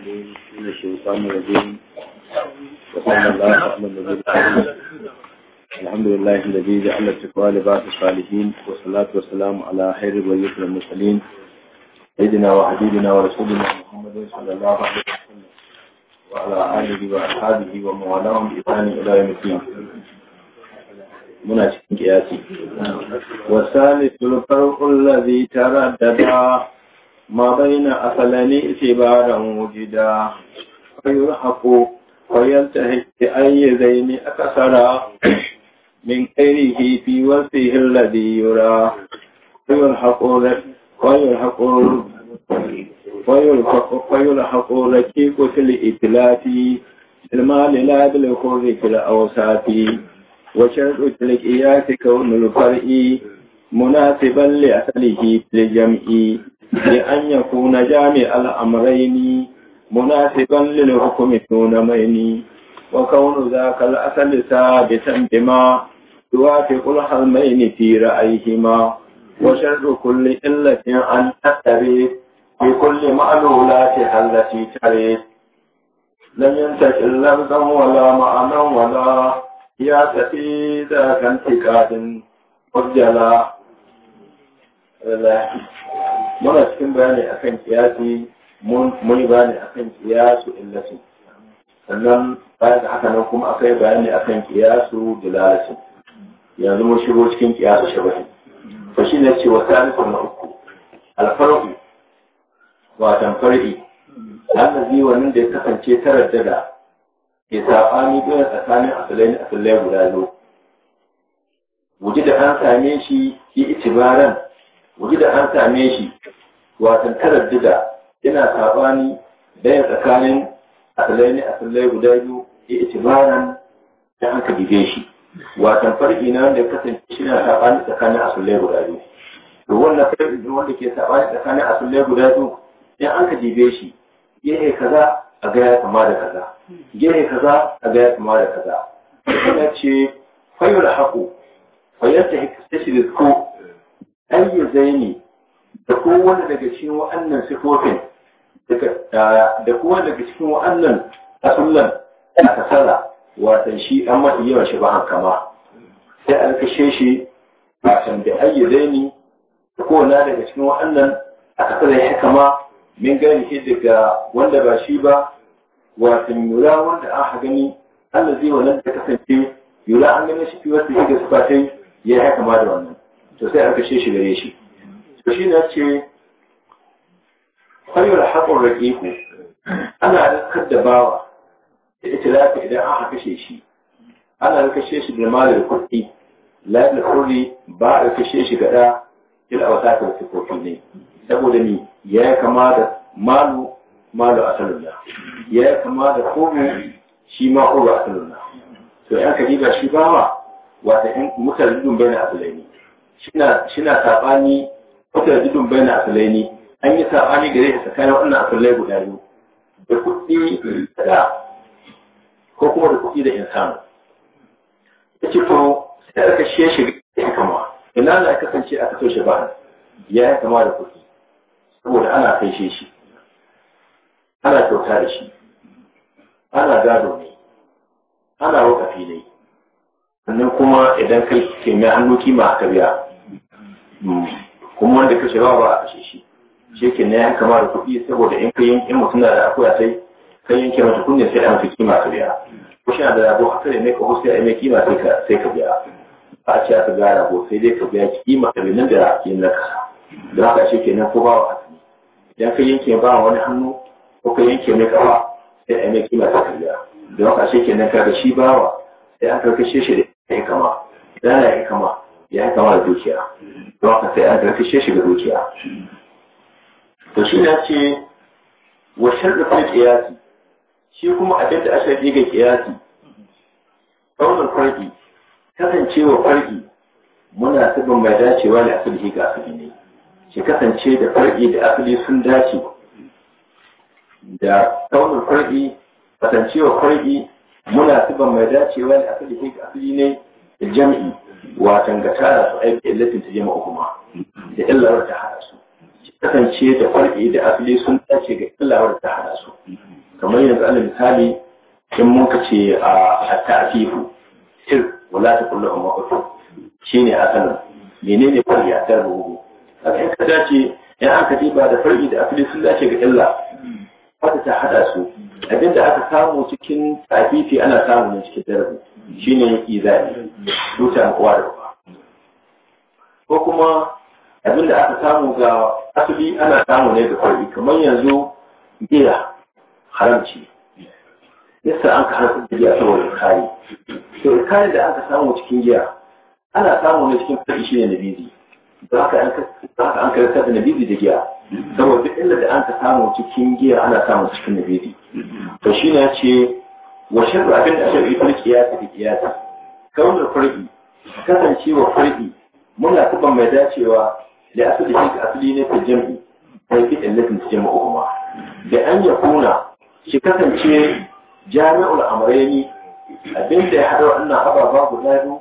عليم من الشيطان الرجيم وصلى الله على النبي الحمد لله الذي جعل التقوى لباس الصالحين والصلاة والسلام على خير الوليد المرسلين سيدنا وحبيبنا ورسولنا محمد صلى الله عليه وسلم وعلى آله وأصحابه وموالاهم بإحسان إلى يوم الدين muna cikin kiyasi wasali tulfarqul ladhi taraddada ما بين أصلني إتبارا وجدا فيرحق ويلتهي بأي زين أكثر من غيره في وصفه الذي يرى ويلحق ويلحق ويلحق ويلحق ركيك في الإتلاف المال لا بالخر في الأوساط وشرط تلقيات كون الفرع مناسبا لأهله في الجمع li an yakuna jami'al amrayni munasiban lil hukmi tunamaini wa kaunu dhaka al asal sabitan bima yuwafiqu al halmaini fi ra'ayhima wa sharru kulli illatin an tattari fi kulli ma'lulati allati tari lam yantaki lafzan wala ma'anan wala ya tafi da kan tikadin wajala muna cikin bayani akan kiyasi mun yi bayani akan kiyasu illasu sannan bayan haka nan kuma akwai bayani akan kiyasu dilalatu yanzu mun shigo cikin kiyasu shabashi to shi ne cewa tarihin na uku alfarqu watan far'i allazi nan da ya kasance daga. ke sabani bayan tsakanin asalai asalai guda biyu wuji da an same shi ki itibaran wuri da an same shi watan karar dida ina saɓani daya tsakanin asalai ne asalai guda biyu ya ita bayan da an ka bige shi watan farki na wanda ya kasance shi na sabani tsakanin asalai guda biyu to wannan farki wanda ke sabani tsakanin asalai guda biyu in an ka bige shi gehe kaza a gaya kama da kaza gehe kaza a gaya kama da kaza kuma ce fayul haƙo fayar ta shi da ayyu zaini da kowane daga cikin wa'annan sifofin da kowane daga cikin wa'annan asullan da kasara watan shi an mafi yawan shi ba hankama sai an kashe shi watan da ayyu zaini da kowane daga cikin wa'annan a kasara ya kama min gani shi daga wanda ba shi ba watan yura wanda an aka gani Allah zai wannan da kasance yura an gane shi fi wasu shiga sufatai ya haka ma da wannan to sai a kashe shi gare shi to shi na ce fayar haƙon raƙiƙu ana rikar da bawa da ita itilafi idan an kashe shi ana kashe shi da malar kuɗi lafiyar kuri ba a kashe shi gaɗa ila a wata kan sifofi ne saboda ni ya yi kama da malu malu a salullah ya yi kama da kuru shi ma kuru a salullah to yan kadiba shi bawa wata yan mutar ridun bai na abu ne. shi na saɓani wata jidun bai na asalai ne an yi saɓani gare shi tsakanin wannan asalai guda biyu da kuɗi da ko kuma da kuɗi da insanu ya ce to sai aka shi shi ya kama ina na kasance a kaso shi ba ya yi kama da kuɗi saboda ana kai shi ana kyauta da shi ana gado ne ana wakafi ne sannan kuma idan kai ke mai hannu kima aka biya kuma wanda kashe ba ba a kashe shi shi ke na yanka ma da kuɗi saboda in ka yanke mutum da akwai sai kan yanke mata kunya sai an fiki masu biya ko shi da rago haka ne mai ka sai a mai kima sai ka biya ba a ce aka ga rago sai dai ka biya kima ka bi nan da yin na kasa da haka shi ke nan ko ba wa idan ka yanke ba wani hannu ko ka yanke mai kawa sai a mai kima sai ka biya da haka shi ke nan ka ga shi bawa sai an karkashe shi da ya kama idan ya kama ya kama da dukiya don haka sai a garkashe shi ga dukiya to shi na ce wa sharɗin kiyasi shi kuma abin da aka ga kiyasi ɗaunar farki kasancewa farki muna sabon mai dacewa da asali ga asali ne shi kasance da farki da asali sun dace da ɗaunar farki kasancewa farki muna sabon mai dacewa da asali ga asali ne jam'i watan ga su aiki illatin ta jama'a kuma da illar ta hada su kasance da farki da asali sun dace ga illar ta hada su kamar yanzu alal misali in mun ce a ta'fifu sir wala ta kullu amma utu shine asalin menene farki a tarbu akai ka dace in aka diba da farki da asali sun dace ga illa ta hada su abinda aka samu cikin tafifi ana samu cikin darabi shine izani dutan kuwa da uba ko kuma abin da aka samu ga asali ana samu ne da kwari kamar yanzu giya haramci yasa an ka harkar da giya saboda kari to kari da aka samu cikin giya ana samu ne cikin kari shine na bizi za ka an karanta da nabizi da giya saboda duk inda da an ka samu cikin giya ana samu cikin nabizi to shi ne ce wa sharru abin da sharri fil qiyas fi qiyas kaunul furqi kasancewa furqi muna tuban mai dacewa da asali shi asali ne ta jami'i sai fi illatin jami'u da an ya kuna shi kasance jami'ul amrayni abin da ya hada wannan ababa guda biyu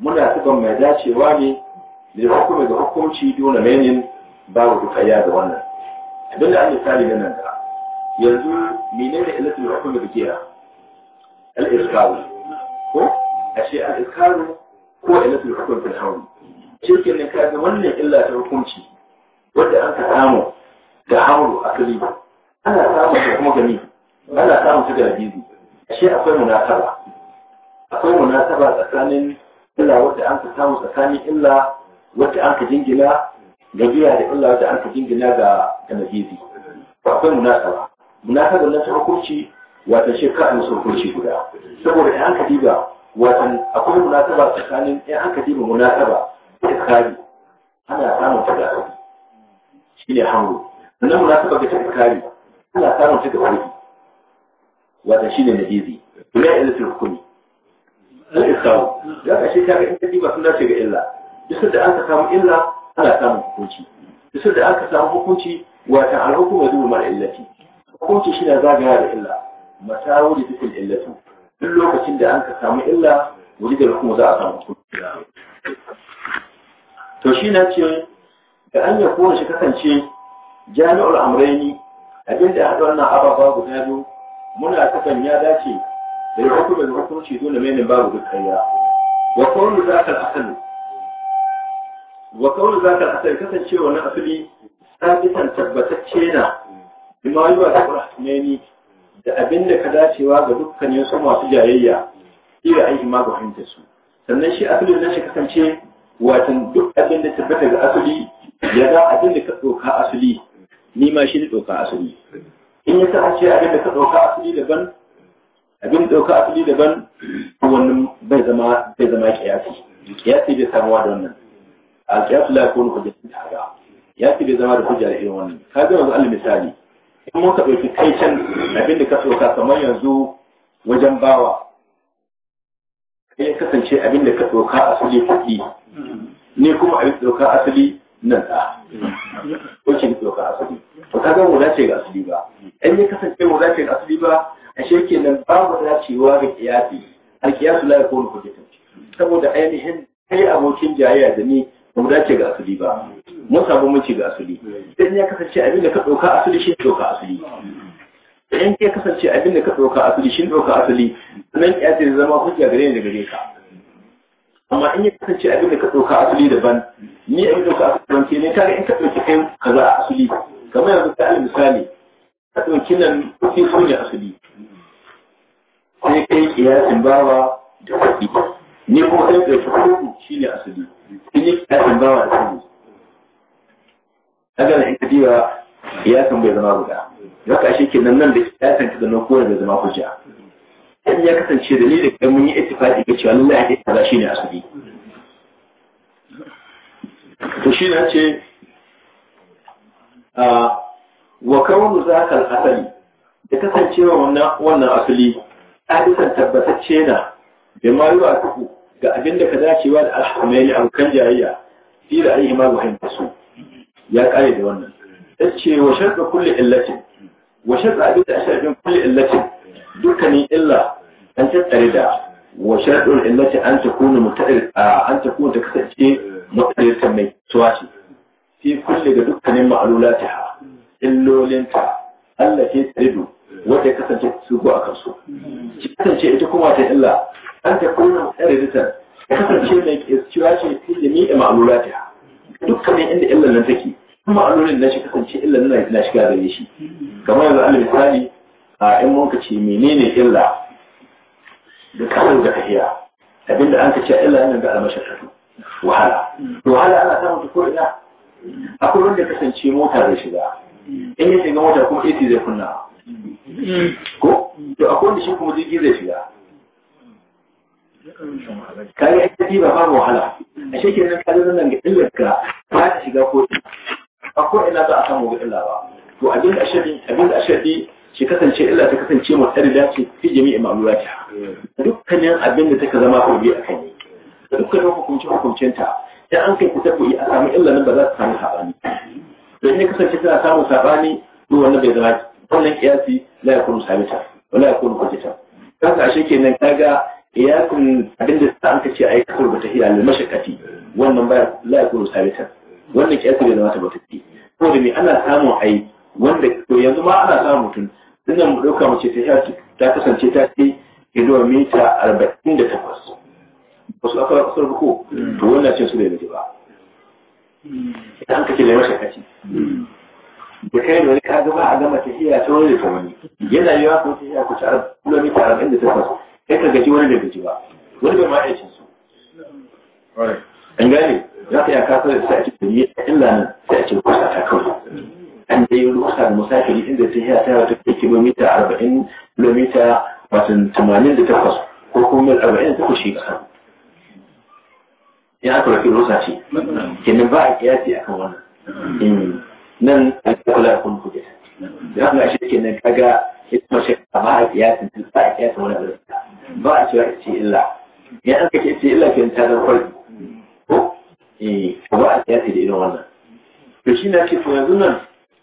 muna tuban mai dacewa ne da hukumi ga hukunci dole menin babu dukaya da wannan nan yanzu menene al-iskaru ko ashe al-iskaru ko ilatul hukm fil A shirkin ne ka ga wannan illa ta hukunci wanda an ka samu da haulu akali ana samu da kuma ana samu ta galibi ashe akwai munasaba akwai munasaba tsakanin illa wadda an ka samu tsakanin illa wadda an ka jingina ga biya da an ka ga akwai na ta hukunci wata shekaru ka an sokoci guda saboda 'yan an ka diba watan akwai munasaba tsakanin 'yan an ka diba munasaba da kari ana samun ta da kari shine hango sannan munasaba ga ta kari ana samun ta da kari wata shine najizi bila ila fil hukmi al isaw da ka shi 'yan in ka diba sun dace ga illa duk da aka samu illa ana samun hukunci duk da aka samu hukunci wata al hukmu yadu mal illati hukunci shi ne zagaya da illa masawuri dukkan illatu duk lokacin da an ka samu illa wuri da kuma za a samu to shi na ce da an ya kowace kasance jami'ar amraini abinda haɗa wannan ababa guda biyu muna kasan ya dace da ya hukumar da hukunci dole mai babu duk kariya wa kaunu za ka asali wa za ka asali kasancewa na asali sabitan tabbatacce na bima yi wa da da abin da ka dacewa ga dukkanin su masu jayayya iya aiki ma ga fahimtar su sannan shi asali na shi kasance watan duk abin da tabbata ga asali ya ga abin da ka ɗauka asali ni ma shi ne ɗauka asali in ya sa ce abin da ka ɗauka asali daban abin da ɗauka asali daban wannan bai zama bai zama kiyasi kiyasi bai samuwa da wannan a kiyasu la yakunu hujjatun ta'ala kiyasi bai zama da hujja da irin wannan ka ga yanzu alal misali in muka ɗauki kai can abin da ka ɗauka kamar yanzu wajen bawa ya kasance abin da ka ɗauka asali kuɗi ne kuma abin da ɗauka asali nan ɗa wacce ne ɗauka asali ba ka ga wula ga asali ba in ya kasance wula ga asali ba a shirke nan babu dacewa ga kiyasi alkiyasu la yakunu kuɗi. saboda ainihin kai abokin jayayya da ni ba mu dace ga asali ba mun samu mace ga asali idan ya kasance abin da ka ɗauka asali shi ɗauka asali idan ya kasance abin da ka ɗauka asali shi ɗauka asali sannan ya ce zama hujja gare ni da gare ka amma in ya kasance abin da ka ɗauka asali daban ni abin ɗauka asali daban ke ne kaga in ka ɗauki kai kaza a asali kamar yanzu ka al misali ka ɗauki nan kuɗi su ne asali sai kai kiyasin bawa da kuɗi ni kuma sai ɗauki kuɗi shi ne asali sai ni kiyasin bawa da kuɗi kaga da ita diwa ya san bai zama guda haka shi ke nan nan da ya san da nan kowa bai zama hujja sai ya kasance dalilin da mun yi ittifaqi ga cewa lillahi ta kaza shine asali to shi ne ce a ah, wa kawun zakal asali da kasancewa wannan wannan asali hadisan tabbatacce na da ma yi ga abin da ka dacewa da alhukumaini abokan jayayya fi da ayyuma wa su ya ƙare da wannan ce wa sharɗa kulli illatin wa abin da dukkanin illa an tattare da wa sharɗin illatin an ta kuna an ta kuna ta kasance mutaɗir ta mai tuwaci fi ga dukkanin ma'alulata ha illolinta Allah ke tsiridu wanda ya kasance su go a kansu ki kasance ita kuma ta illa an ta kuna ta kasance mai tuwaci fi jami'i ma'alulata ha dukkanin inda illan nan take kuma a allurin da shi kasance illan nan na shiga gare shi kamar yanzu alal misali a in mun ce menene illa da kasar da tafiya abinda an ka illa nan da almashakatu wahala wahala ana samun ta ko ina akwai wanda kasance mota zai shiga in ya shiga mota kuma AC zai kunna ko to akwai wanda shi kuma jirgin zai shiga ya aiki ba babu wahala a shekin nan kayan nan ga illar ka ba ta shiga ko a ko ina za a samu ga illa ba to abin da ashadi abin da ashadi shi kasance illa ta kasance da ce fi jami'in ma'amulati dukkanin abin da take zama bi a kai dukkanin hukuncin hukuncenta dan an kai kusa koyi a samu illa nan ba za ta samu sabani dan ne kasance tana samun sabani to wannan bai zama wannan kiyasi la yakunu sabita wala yakunu kujita kaga ashe kenan kaga iyakun abinda da an yi kakwar bata ta da mashakati wannan ba la yakunu sabita wannan kiyasi da zama fi ko da ne ana samun ai wanda to yanzu ma ana samun mutum tunda mu dauka mu ce ta ta kasance ta arba'in da 48 wasu aka kasar ko to wannan ce su da yake ba idan kace da mashakati da kai da wani kaga ba a gama tafiya ta wani da ta wani yana wa ko tafiya ku ci da takwas. sai ka gaji wani da gaji ba wani bai ma aikin su an gane za ka iya kasar da sai a ce da yi illa nan sai a ce kusa ta kawai an da yi rusa da musafiri inda yi a ya ta wata kilomita arba'in kilomita watan tamanin da takwas ko kuma mil arba'in da takwas shi kasa ya aka rafi rusa ce kenan ba a kiyasi akan wannan hmm. nan a kula kun kuɗi Ya haka a shi kenan kaga ita ce a mahaifiyarsa ta sa a kyasa wani alasta ba a cewa ce illa ya an kake ce illa ke ta zan kwari ko eh ba a kyasa da irin wannan to shi na ce to yanzu nan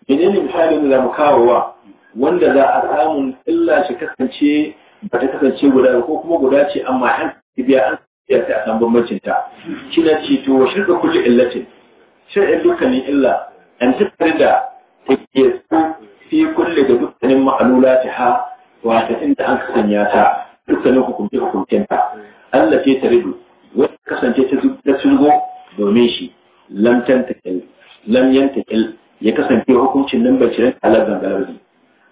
menene misalin da mu kawo wa wanda za a samun illa shi kasance ba ta kasance guda ko kuma guda ce amma an biya an biya ta san bambancin ta kina ce to shirka kulli illatin shirka dukkanin illa an tattare da take fi kulle da dukkanin ma'alulatiha wata inda an sanya ta dukkanin hukunce hukuncenta Allah ce ta ridu wata kasance ta sulgo domin shi lam tantakil lam yantakil ya kasance hukuncin nan bai cirin alar zangalarzi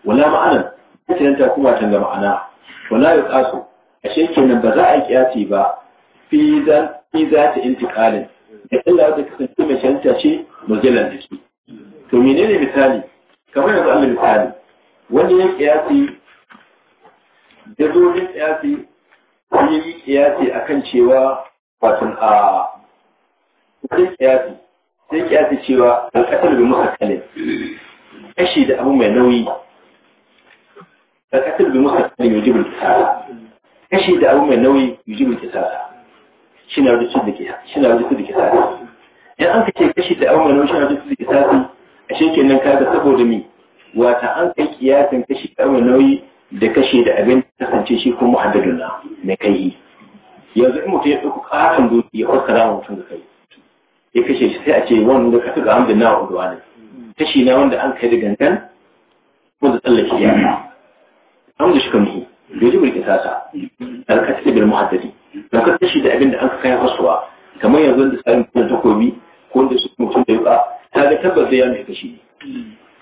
wala ma'ana ta cirinta kuma ga ma'ana wala ya kaso ashe kenan ba za a kiyasi ba fi za ta intikalin da Allah ta kasance mai cirinta ce mujallar jiki to menene misali kamar yanzu Allah misali wani ya kiyasi da zo ya kiyasi wani ya kiyasi kan cewa watan a wajen kiyasi sai kiyasi cewa alƙasar bi musakkalin kashi da abu mai nauyi alƙasar bi musakkalin yujibul kisara kashi da abu mai nauyi yujibul kisara shi na wajen da kisara in an ka ce kashi da abu mai nauyi shi na wajen da kisara ashe kenan kaga saboda mi wata an kai kiyasin kashi ɗaura nauyi da kashe da abin da kasance shi kuma muhaddadun na mai kai yanzu in mutum ya ɗauki ƙarin doki ya fassara wa mutum da kai ya kashe shi sai a ce wannan da kasa ga hamdin na hudu ne kashi na wanda an kai da gangan ko da tsallake ya an da shi kan muhi bai ji bulki sasa alkata da bil muhaddadi don ka kashi da abin da an kai fasuwa kamar yanzu da tsarin takobi ko da su mutum da yuka ga tabbas zai yanka kashi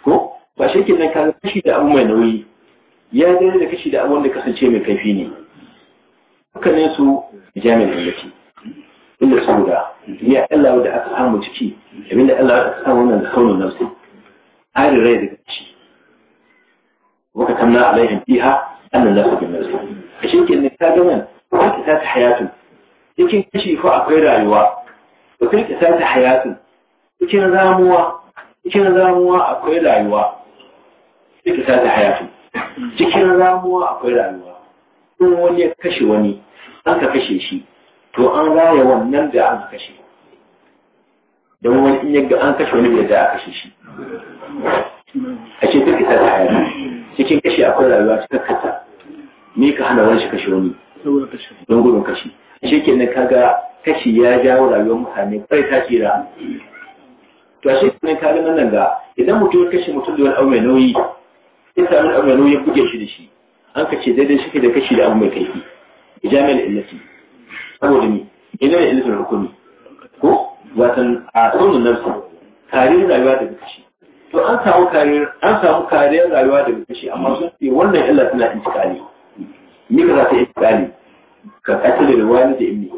ko ba shi kenan kaga kashi da abu mai nauyi ya dai da kashi da abu wanda kasance mai kaifi ne ne su jami'in gwamnati inda saboda ya Allah da aka samu ciki abin da Allah aka samu wannan da kaunin nafsi ari rai daga kashi. waka tamna alaihim fiha annan nasu bin nafsi a shinkin ne ka ga nan, ta ta hayatun cikin kashi ko akwai rayuwa da kai ta ta hayatun cikin ramuwa cikin ramuwa akwai rayuwa ita ta hayatu cikin ramuwa akwai rayuwa in wani ya kashe wani an ka kashe shi to an raya wannan da an kashe don wani in yadda an kashe wani da a kashe shi a ce duk ita ta hayatu cikin kashe akwai rayuwa cikin kasa me ka hana wani shi kashe wani don gudun kashe shi kenan kaga kashi ya jawo rayuwar mutane kai ta tsira to a shi ne ka nan nan ga idan mutum ya kashe mutum da wani abu mai nauyi sai sami abu mai nauyi ya buge shi da shi an ka daidai shi ke da kashi da abu mai kaifi jami'ar illati saboda ni ina da illatin hukumi ko watan a sunan nafsu kariyar rayuwa daga kashi to an samu kariyar an samu kariyar rayuwa daga kashi amma sun ce wannan illa tana intikali ni ka za ta intikali ka kace da wani da ibni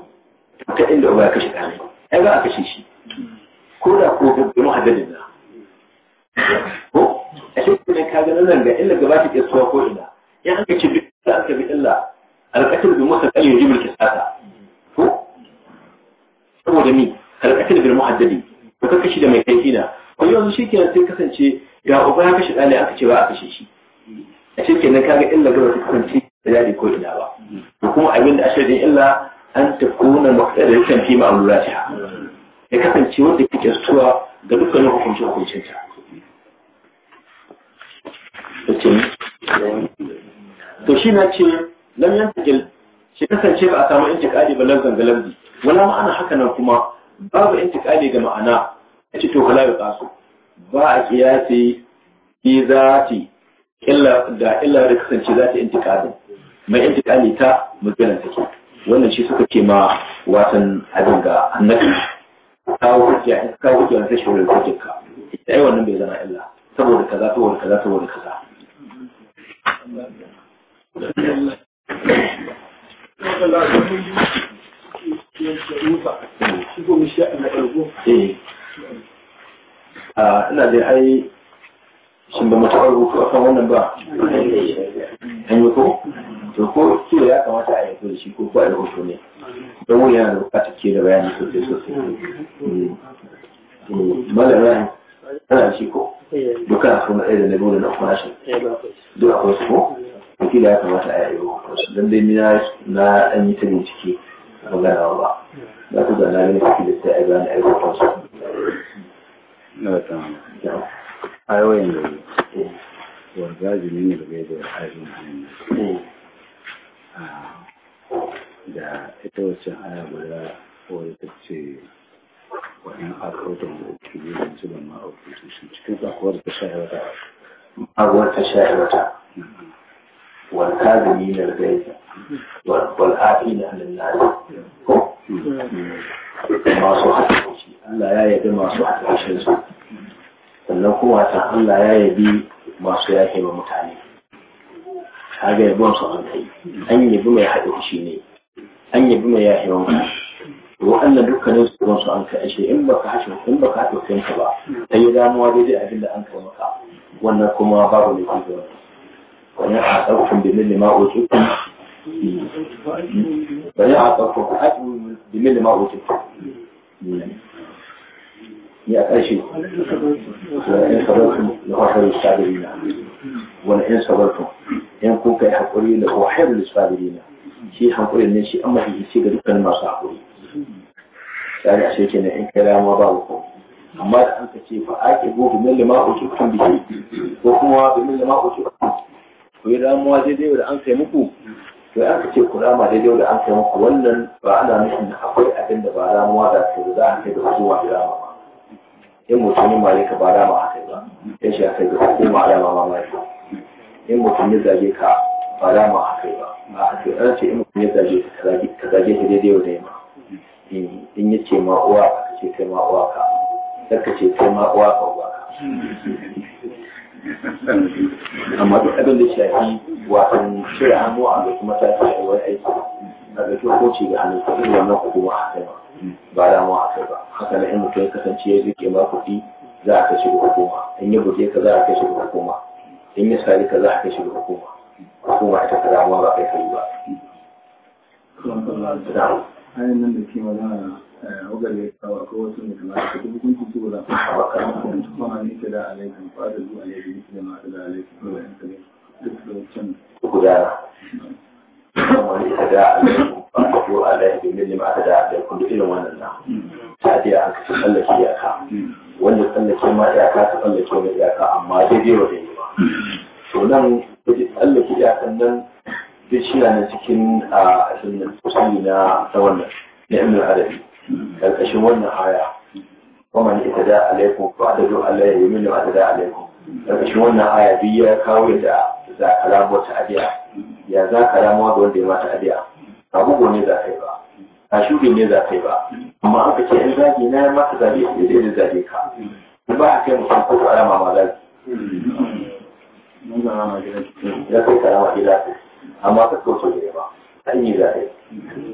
ka inda uba kashe ɗanai ai ba a kashe shi ko da ko bi muhaddadin na ko a shi ne ka ga nan ga illa gaba ta tsuwa ko ina ya an ce bi illa aka bi illa alqatl bi musa kan yujibul kisata ko saboda ni alqatl bil muhaddadin ko ka kashi da mai kai ina ko yanzu shi kenan sai kasance ga uba ya kashe ɗani aka ce ba a kashe shi a shi kenan kaga illa gaba ta kasance da yadi ko ina ba ko kuma abin da ashirin illa an takuna muqtadaratan fi ma'amulatiha ya kasance wanda ke kyautuwa ga dukkanin hukuncin ta. To shi na ce lam yantajil shi kasance ba a samu intiqadi ba lanzan ga lambi wala ma'ana haka nan kuma babu intiqadi ga ma'ana Ya ce to kala ya kasu ba a kiyasi fi zati illa da illa da kasance zati intiqadi mai intiqadi ta mutsalan take wannan shi suka ce ma wasan abin ga annabi kawo hujja kawo hujja wani tashi wurin hujjarka ai wannan bai zama illa saboda kaza saboda kaza saboda kaza eh. ah, ina da ai shin ba mu taɓa rubutu a kan wannan ba an yi ko to ko kila ya kamata a yi shi ko ko a rubutu ne don wuri yana da bukatar ke da bayani sosai sosai eh, malam ya ana shi ko duka a kuma ɗaya da na gona na Duka duk a ko, ko kila ya kamata a yi wasu don dai na na an yi ta bincike a magana ba za ku zana ne da kila sai a gane a yi wasu. ayoyin nan wa zajiri ne da gaida da ayoyin hannun da ita wacce aya guda wadda ta ce wani akwautan da ke yi da zuba ma akwautan shi cikin akwautar ta sha wata akwautar ta sha wata والكاذبين الغيظ والعافين عن الناس ما صحت الله يا يد ما صحت عشان sannan kuma ta Allah ya yabi masu yake ba mutane ga yabon su an kai an yabi mai haɗe shi ne an yabi mai yake ba mutane wa'annan dukkanin su su an kai ashe in baka hashe in baka haɗe ka ba sai ya damuwa daidai abin da an kai maka wannan kuma babu ne kuma wani a ɗaukun da mili ma'oci wani a ɗaukun da mili ma'oci ya ƙarshe wani sabartun ya haifar da sabiri na wani yan sabartun yan kuka ya haƙuri da wahayar da sabiri na shi haƙurin ne shi an mafi ga dukkan masu haƙuri tsari a na yan kai dama ba ku amma da an ka ce fa ake gobe na lima ko ki kan biki ko kuma wa domin lima ko ki ku yi damuwa daidai da an kai muku an ka ce ku dama daidai da an kai wannan ba ana nufin akwai abin ba damuwa da ke za a kai da wasu wa dama in mutum ya mare ka ba ma a kai ba in shi aka yi sai ma alama ma mare in mutum ya zage ka ba rama a kai ba ba a kai an ce in mutum ya zage ka zage ka daidai wa ma in ya ce ma uwa ka ce kai ma uwa ka kar ka ce kai ma uwa ka uwa ka amma duk abin da shafi wasan shirya hannu a lokacin matasa a yi wani aiki a da kyau ko ce ga hannu kuɗin wannan hukuma a kai ba ba damuwa a kai ba haka na in mutum kasance ya rike ma kuɗi za a kai shi hukuma in ya buɗe ka za a kai shi hukuma in ya sari ka za a kai shi hukuma hukuma ita ta damuwa ba kai kai ba. Ayan nan da ke magana wagar eh, ya kawo ko wasu ne kamar da kuma hukuncin su da kuma kamar da kuma ne ke da alaikin fadar zuwa ne da yake da ma'a da alaikin da yanka ne duk da wancan. Gudana. ومن اهتدى عليكم a عليه بمثل ما da irin wannan na tafiya an kasu tsallake iyaka wanda tsallake ma iyaka ta tsallake wani iyaka amma daidai wa daidai ba to nan tsallake iyakan nan zai shi na cikin a na ta wannan na ibn arabi karkashin wannan aya ومن اهتدى عليكم فاعتدوا عليه بمثل ما da عليكم karkashin wannan aya biyu ya kawo da za a adiya ya za ka ramuwa da wanda ya mata adiya a bugu ne za ka yi ba a shuri ne za ka yi ba amma aka ce in zagi na mata zabi ya zai da zage ka ba a kai mutum ko alama ma zagi ya kai karama gida amma ka so so ne ba an yi zaɓe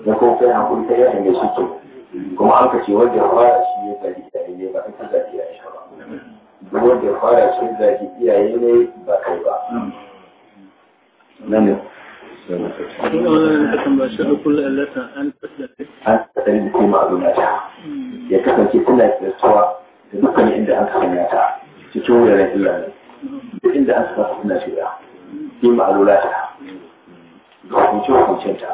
da kuma kai hankuli ta yayin da shi kuma an kace wanda ya fara shi ya zagi iyaye ne ba ta zabi ya shi ba duk wanda ya fara shi zagi iyaye ne ba kai ba nan ne an tsakani da kuma ma'azunata ya kasance suna tsirtuwa da dukkan inda an sanya ta cikin wuraren illa duk inda an saka suna shiga fi ma'azunata da hukunce